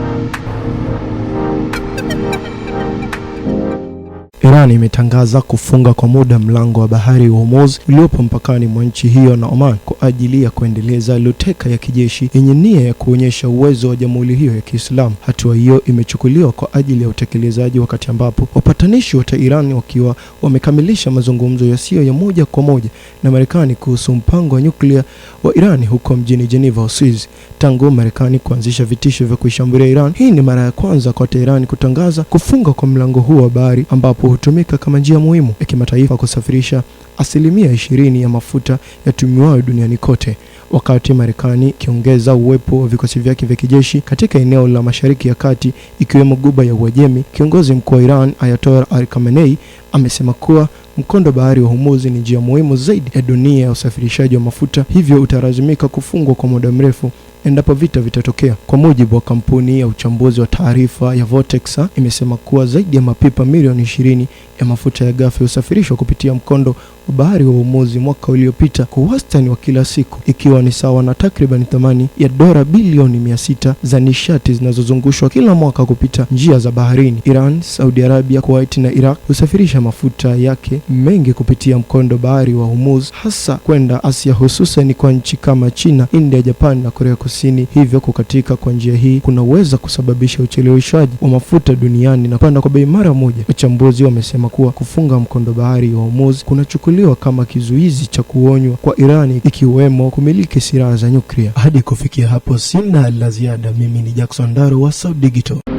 Ha ha ha ha! Iran imetangaza kufunga kwa muda mlango wa bahari wa Hormuz uliopo mpakani mwa nchi hiyo na Oman kwa ajili ya kuendeleza luteka ya kijeshi yenye nia ya kuonyesha uwezo wa jamhuri hiyo ya Kiislamu. Hatua hiyo imechukuliwa kwa ajili ya utekelezaji wakati ambapo wapatanishi wa Iran wakiwa wamekamilisha mazungumzo yasiyo ya moja kwa moja na Marekani kuhusu mpango wa nyuklia wa Iran huko mjini Geneva, Uswizi, tangu Marekani kuanzisha vitisho vya kuishambulia Iran. Hii ni mara ya kwanza kwa Teherani kutangaza kufunga kwa mlango huo wa bahari ambapo hutumika kama njia muhimu ya kimataifa kusafirisha asilimia ishirini ya mafuta yatumiwayo duniani kote, wakati Marekani ikiongeza uwepo wa vikosi vyake vya kijeshi katika eneo la Mashariki ya Kati ikiwemo guba ya Uajemi. Kiongozi mkuu wa Iran Ayatollah Ali Khamenei amesema kuwa mkondo bahari wa humuzi ni njia muhimu zaidi ya dunia ya usafirishaji wa mafuta, hivyo utalazimika kufungwa kwa muda mrefu endapo vita vitatokea. Kwa mujibu wa kampuni ya uchambuzi wa taarifa ya Vortex, imesema kuwa zaidi ya mapipa milioni ishirini ya mafuta ya ghafi husafirishwa kupitia mkondo wa bahari wa Uhomozi mwaka uliopita kwa wastani wa kila siku, ikiwa ni sawa na takriban thamani ya dola bilioni mia sita za nishati zinazozungushwa kila mwaka kupita njia za baharini. Iran, Saudi Arabia, Kuwait na Iraq husafirisha mafuta yake mengi kupitia mkondo bahari wa Hormuz, hasa kwenda Asia, hususan kwa nchi kama China, India, Japan na Korea Kusini. Hivyo kukatika kwa njia hii kunaweza kusababisha ucheleweshaji wa mafuta duniani na kupanda kwa bei mara moja. Wachambuzi wamesema kuwa kufunga mkondo bahari wa Hormuz kunachukuliwa kuchukuliwa kama kizuizi cha kuonywa kwa Irani, ikiwemo kumiliki silaha za nyuklia. Hadi kufikia hapo, sina la ziada. Mimi ni Jackson Daro wa SAUT Digital.